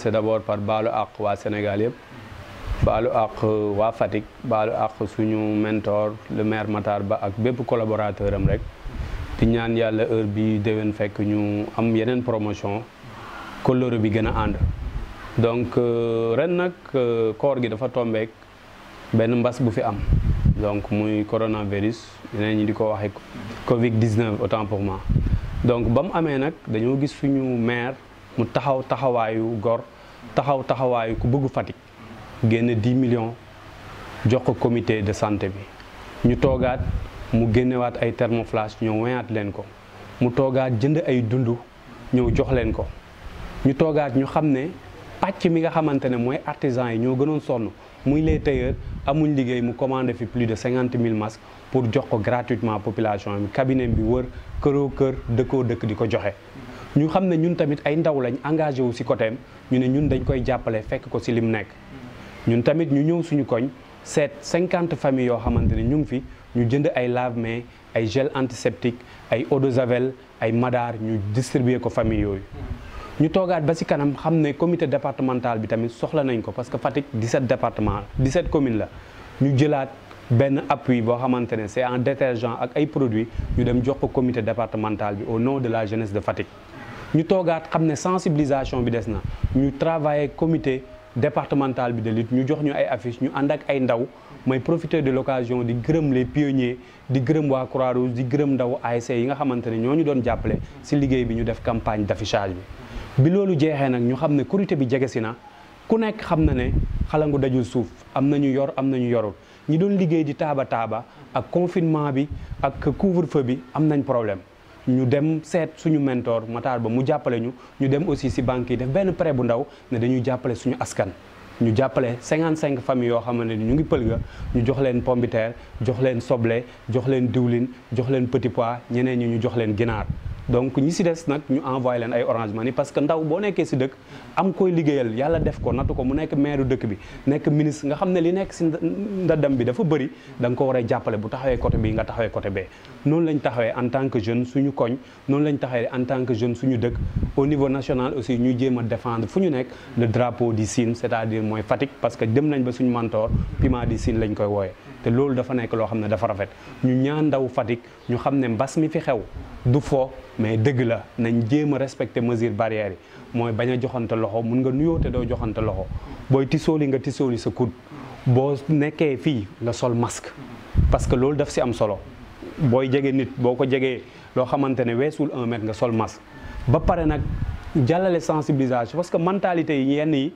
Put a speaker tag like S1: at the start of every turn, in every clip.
S1: commencer d'abord par baalu àq waa Sénégal yëpp baalu àq waa Fatick baalu àq suñu mentor le maire Matar Ba ak bépp collaborateur am rek di ñaan yàlla heure bi déwén fekk ñu am yeneen promotion kóllëre bi gën a ànd donc euh, ren nag euh, koor gi dafa tombeek benn mbas bu fi am donc muy coronavirus yeneen ñi di ko waxee Covid 19 autant pour moi donc ba amee nag dañoo gis suñu maire mu taxaw taxawaayu gor taxaw taxawaayu ku bëggu Fatick génn 10 millions jox ko comité de santé bi ñu toogaat mu génnewaat ay thermoflash ñoo weyaat leen ko mu toogaat jënd ay dund ñëw jox leen ko ñu toogaat ñu xam ne pàcc mi nga xamante ne mooy artisan yi ñoo gënoon sonn muy les tailleurs amuñ liggéey mu commander fi plus de cinquante mille masques pour jox ko gratuitement population bi cabinet bi wër këroo kër dëkkoo dëkk di ko joxe ñu xam ne ñun tamit ay ndaw lañ engagé wu si côté ñu ne ñun dañ koy jàppale fekk ko si lim nekk. ñun tamit ñu ñëw suñu koñ seet cinquante familles yoo xamante ne ñu ngi fi ñu jënd ay lave-mains ay gel antiseptique ay eau de javel ay madaar ñu distribuer ko famille yooyu. ñu toogaat ba si kanam xam ne comité départemental bi tamit soxla nañ ko parce que Fatick 17 département 17 communes la ñu jëlaat. benn appui boo xamante ne c'est en détergent ak ay produits ñu dem jox ko comité départemental bi au nom de la jeunesse de Fatick ñu toogaat xam ne sensibilisation bi des na ñu travailler comité départemental bi de lutte ñu jox ñu ay affiches ñu ànd ak ay ndaw may profiter de l'occasion di gërëm les pionniers di gërëm waa Croix-Rouge di gërëm ndaw ASC yi nga xamante ne ñoo ñu doon jàppale si liggéey bi ñu def campagne d'affichage bi. bi loolu jeexee nag ñu xam ne Korité bi jege si na ku nekk xam na ne xalangu dajul suuf am na ñu yor am na ñu yorul ñi doon liggéey di taaba taaba ak confinement bi ak couvre-feu bi am nañ problème. ñu dem seet suñu mentor Matar Ba mu jàppalee ñu ñu dem aussi si banque yi def benn prêt bu ndaw ne dañuy jàppale suñu askan ñu jàppale cinq familles yoo xamante ni ñu ngi pël ga ñu jox leen pombiteer jox leen soble jox leen diwlin jox leen petit pois ñeneen ñi ñu jox leen ginaar donc ñi si des nag ñu envoyé leen ay Orange Money parce que ndaw boo nekkee si dëkk am koy liggéeyal yàlla def ko nattu ko mu nekk maire dëkk bi nekk ministre nga xam ne li nekk si ndaddam bi dafa bëri da nga ko war a jàppale bu taxawee côté bii nga taxawee côté bee noonu lañ taxawee en tant que jeune suñu koñ noonu lañ taxawee en tant que jeune suñu dëkk au niveau national aussi ñuy jéem a défendre fu ñu nekk le drapeau du Sine c'est-à-dire mooy Fatick parce que dem nañ ba suñu mentor piment du Sine lañ koy wooyee te loolu dafa nekk loo xam ne dafa rafet ñu ñaan ndaw Fatick ñu xam ne mbas mi fi xew du fo mais dëgg la nañ jéem a respecté mesure barrière yi mooy bañ a joxante loxo mun nga nuyoo te doo joxante loxo booy tisooli nga tisooli sa coude boo nekkee fii nga sol masque parce que loolu daf si am solo booy jege nit boo ko jegee loo xamante ne weesul en mètre nga sol masque ba pare nag jàllale sensibilisation parce que mentalité yi yenn yi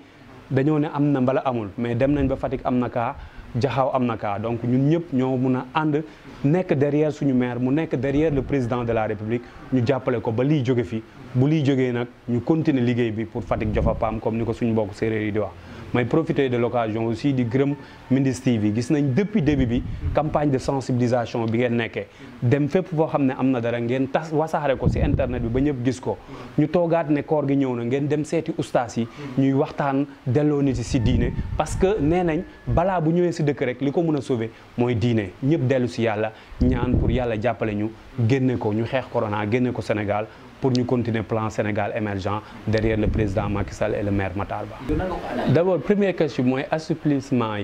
S1: dañoo ne am na mbala amul mais dem nañ ba Fatick am na cas jaxaw am na kaa donc ñun ñëpp ñoo mun a ànd nekk derrière suñu maire mu nekk derrière le président de la république ñu jàppale ko ba liy jóge fi bu liy jógee nag ñu continuer liggéey bi pour Fatick Jofa Pam comme ni ko suñu bokk séeréer yi di wax may profité de l'occasion aussi di gërëm Mindiss TV gis nañ depuis début bi campagne de sensibilisation bi ngeen nekkee dem fépp foo xam ne am na dara ngeen tas wasaare ko si internet bi ba ñëpp gis ko ñu toogaat ne koor gi ñëw na ngeen dem seeti ustaas yi ñuy waxtaan delloo nit si diine parce que nee nañ balaa bu ñëwee si dëkk rek li ko mun a sauver mooy diine ñëpp dellu si yàlla ñaan pour yàlla jàppale ñu génne ko ñu xeex corona génne ko Sénégal pour ñu continuer plan Sénégal émergent derrière le président Macky Sall et le maire Matar Ba. d'abord première question mooy assouplissement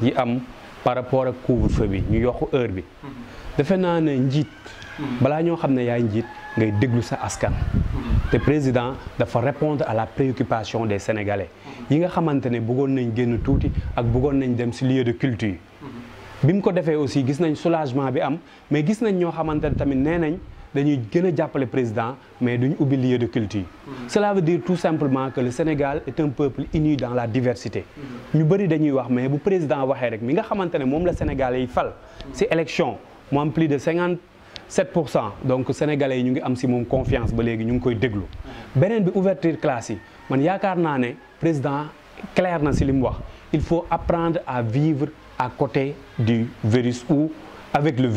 S1: yi. am par rapport ak couvre-feu bi ñu yokk heure bi. defe naa ne njiit. balaa ñoo xam ne yaay njiit ngay déglu sa askan. te président dafa répondre à la préoccupation des sénégalais. yi nga xamante ne bëggoon nañ génn tuuti ak bëggoon nañ dem ci lieu de culture. bi mu ko defee aussi gis nañ soulagement bi am mais gis dañuy gën a jàppale président mais duñu ubbi lieu de culture. Mm-hmm. cela veut dire tout simplement que le Sénégal est un peuple uni dans la diversité. Mm-hmm. ñu bëri dañuy wax mais bu président waxee rek mi nga xamante ne moom la Sénégalais yi fal. Mm-hmm. ci élection mu am plus de cinquante sept pour cent donc sénégalais yi ñu ngi am ci moom confiance ba léegi ñu ngi koy déglu. beneen bi ouverture classe yi man yaakaar naa ne président clair na si li mu wax il faut apprendre à vivre à côté du virus ou avec le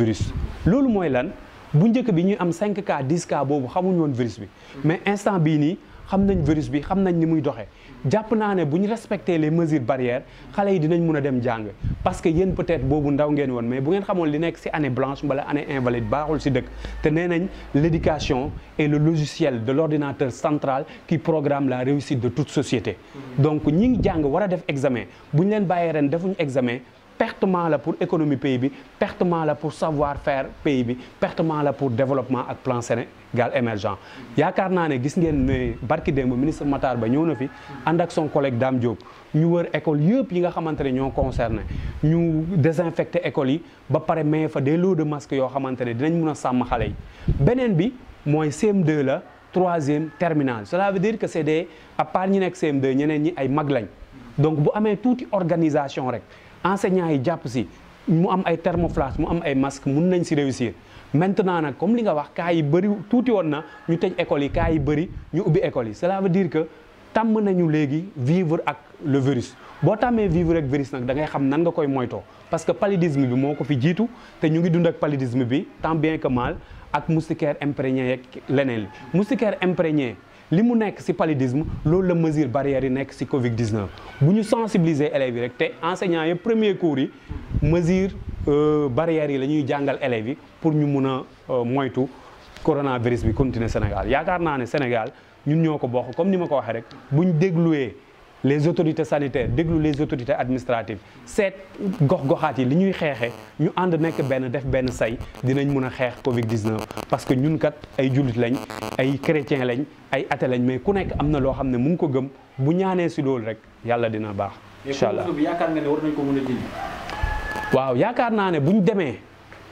S1: loolu mooy lan. bu njëkk bi ñuy am cinq cas 10 boobu xamuñ woon virus bi mais instant bii nii xam nañ virus bi xam nañ ni muy doxee jàpp naa ne bu ñu respecté les mesures barrières xale yi dinañ mun a dem jàng parce que yéen peut-être boobu ndaw ngeen woon mais bu ngeen xamoon li nekk ci année blanche wala année invalide baaxul ci dëkk te nee nañ l'éducation est le logiciel de l'ordinateur central qui programme la réussit de toute société donc ñi ngi jàng war a def examen bu leen bàyyee ren defuñu examen pertement la pour économie pays bi pertement la pour savoir fair pays bi pertement la pour développement ak plan Sénégal émergent yaakaar naa ne gis ngeen ne barki démb ministre Matar Ba ñëw na fi ànd ak son collègue Dame Diop ñu wër école yëpp yi nga xamante ne ñoo concerné ñu désinfecté école yi ba pare mais fa des lots de masques yoo xamante ne dinañ mun a sàmm xale yi beneen bi mooy CM2 la troisième terminale cela veu dire que c'est des à part ñi nekk ñi ay mag lañ donc bu amee tuuti organisation rek enseignants yi jàpp si mu am ay thermoflash mu am ay masque mun nañ si réussir maintenant nag comme li nga wax cas yi bëri tuuti woon na ñu tëj école yi cas yi bëri ñu ubbi école yi cela veut dire que tàmm nañu léegi vivre ak le virus boo tàmmee vivre ak virus nag da ngay xam nan nga koy moytoo parce que paludisme bi moo ko fi jiitu te ñu ngi dund ak paludisme bi tant bien que mal ak moustiquaire imprégné yeeg leneen li moustiquaire imprégné li mu nekk si paludisme loolu la mesure barrière yi nekk si Covid bu ñu sensibiliser élèves yi rek te enseignants yi premier cours yi mesure euh, barrières yi la ñuy jàngal élèves yi pour ñu mun a euh, moytu coronavirus bi continuer Sénégal yaakaar naa ne Sénégal ñun ñoo ko bokk comme ni ma ko waxee rek bu ñu dégluwee les autorités sanitaires déglu les autorités administratives seet gox-goxaat yi li ñuy xeexee ñu ànd nekk benn def benn say dinañ mun a xeex Covid 19. parce que ñun ay jullit lañ ay chrétien lañ. ay ate lañ mais ku nekk am na loo xam ne mu ngi ko gëm bu ñaanee si loolu rek yàlla dina baax. incha allah yaakaar nga ne war nañ ko mën waaw yaakaar naa ne buñ demee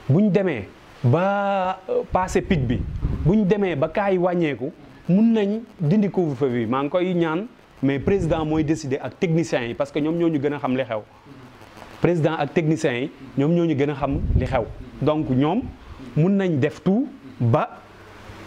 S1: buñ demee ba euh, passé pic bi buñ demee ba kaa yi wàññeeku mun nañ dindi couvre-feu bi maa ngi koy ñaan mais président mooy décider ak techniciens yi parce que ñoom ñoo ñu gën a xam li xew. président ak techniciens yi ñoom ñoo ñu gën a xam li xew donc ñoom mun nañ def tout ba.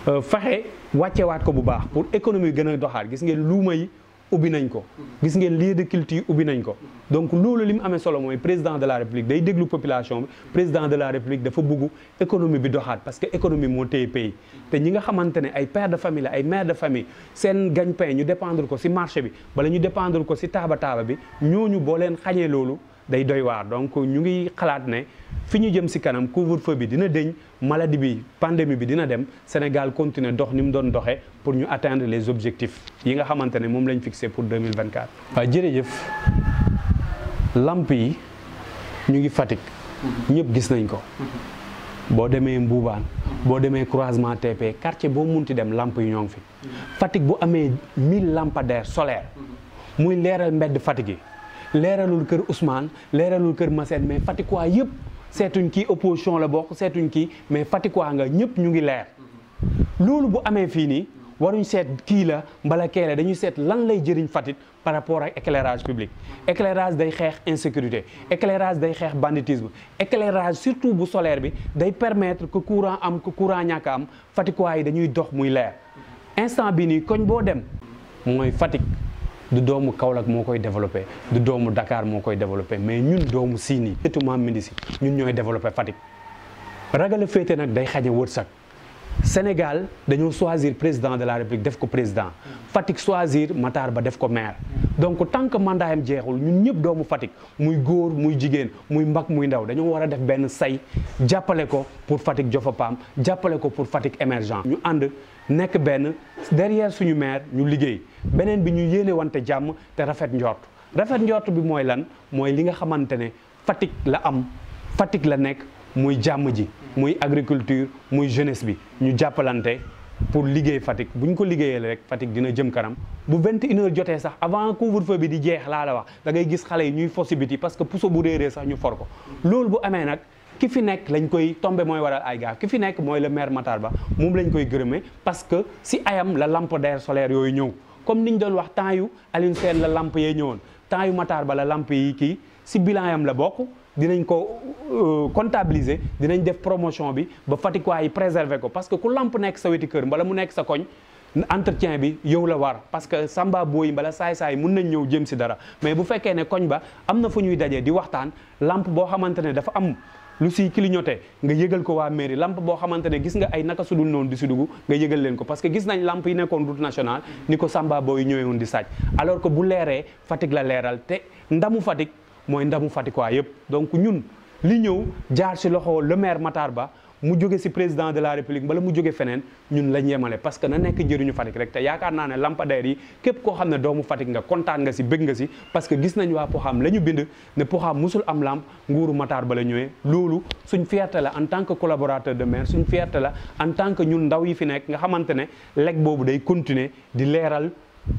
S1: Euh, fexe wàccewaat ko bu baax pour économie gën a doxaat gis ngeen luuma yi ubbi nañ ko gis ngeen lieu de culte yi ubbi nañ ko donc loolu li mu amee solo mooy président de la république day déglu population bi président de la république dafa bëgg économie bi doxaat parce que économie moo téye pays te ñi nga xamante ne ay père de famille la ay mère de famille seen gagne-pain ñu dépendre ko ci marché bi bala ñu dépendre ko si taaba taaba bi ñooñu boo leen xañee day doy waar donc ñu ngi xalaat ne fi ñu jëm si kanam couvre-feu bi dina deñ maladie bi pandémie bi dina dem Sénégal continuer dox ni mu doon doxee pour ñu atteindre les objectifs yi nga xamante ne moom lañ fixé pour 2024. waaw jëf làmp yi ñu ngi Fatick. ñëpp gis nañ ko. boo demee Mboubaan boo demee croisement TP quartier boo munti dem làmp yi ñoo ngi fi Fatick bu amee 1000 lampadaires solaires muy leeral mbedd Fatick yi. leeralul kër Ousmane leeralul kër Massène mais Fatick waa yëpp seetuñ kii opposition la bokk seetuñ kii mais Fatick nga ñëpp ñu ngi leer loolu bu amee fii nii waruñ seet kii la mbala kee dañuy seet lan lay jëriñ Fatick par rapport ak éclairage public éclairage day xeex insécurité éclairage day xeex banditisme éclairage surtout bu solaire bi day permettre que courant am que courant ñàkk am Fatick yi dañuy dox muy leer instant bi nii koñ boo dem mooy Fatick du doomu Kaolack moo koy développé du doomu Dakar moo koy développé mais ñun doomu Siny surtout Maam Mendy Sy ñun ñooy développé Fatick ragal a féete nag day xañ a wërsëg Sénégal dañoo choisir président de la République def ko président Fatick choisir Matar Ba def ko maire donc tant que mandat jeexul ñun ñëpp doomu Fatick muy góor muy jigéen muy mbag muy ndaw dañoo war a def benn say jàppale ko pour Fatick Jofapaam jàppale ko pour Fatick émergent ñu ànd nekk benn derrière suñu maire ñu liggéey beneen bi ñu yéene wante jàmm te rafet njoot rafet njort bi mooy lan mooy li nga xamante ne Fatick la am Fatick la nekk muy jàmm ji muy agriculture muy jeunesse bi ñu jàppalante pour liggéey Fatick bu ñu ko liggéeyee rek Fatick dina jëm kanam bu 21h jotee sax avant couvre-feu bi di jeex laala wax da ngay gis xale yi ñuy fosi biti parce que puso bu réeree sax ñu for ko loolu bu amee nag ki fi nekk lañ koy tombé mooy waral ay gaaf ki fi nekk mooy le maire Matar Ba moom lañ koy gërëme parce que si ayam la lamp d'air solaire yooyu ñëw comme niñ doon wax temps yu Alioune Sène la lampe yee ñëwoon temps yu Matar Ba la yi kii si bilan yam la bokk dinañ ko euh, comptabiliser dinañ def promotion bi ba Fatick waa yi préserver ko parce que ku lamp nekk sa weti kër mbala mu nekk sa koñ entretien bi yow la war parce que samba booyi mbala saay-saay mun nañ ñëw jëm si dara mais bu fekkee ne koñ ba am na fu ñuy dajee di waxtaan lamp boo xamante ne dafa am lu siy clignoté nga yëgal ko waa mairie lamp boo xamante ne gis nga ay naka sudul noonu di si dugg nga yëgal leen ko parce que gis nañ làmp yi nekkoon route nationale ko samba booyi ñëwee woon di alors que bu leeree Fatick la leeral te ndamu Fatick mooy ndamu Fatick waa yëpp donc ñun li ñëw jaar si loxo le maire Matar Ba mu jóge si président de la république bala mu jóge feneen ñun lañ yemale parce que na nekk njëriñu Fatick rek te yaakaar naa ne lampadaire yi képp koo xam ne doomu Fatick nga kontaan nga si bëgg nga si parce que gis nañ waa Poxaam la ñu bind ne Poxaam musul am lamp nguuru Matar Ba la ñëwee loolu suñ fierté la en tant que collaborateur de maire suñ fierté la en tant que ñun ndaw yi fi nekk nga xamante ne lekk boobu day continuer di leeral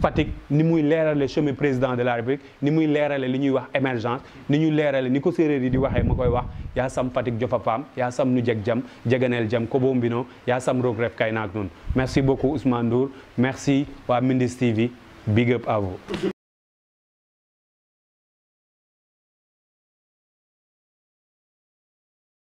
S1: Fatick ni muy leerale chemin président de la République ni muy leerale li ñuy wax émergence ni ñu leerale ni ko séeréer yi di waxee ma koy wax yaa sam Fatick jofa faam yaa sam nu jeg jam jeganeel jam ko mbino yaa sam roog ref kay naak noonu merci beaucoup Ousmane merci waa Mindiss TV big up à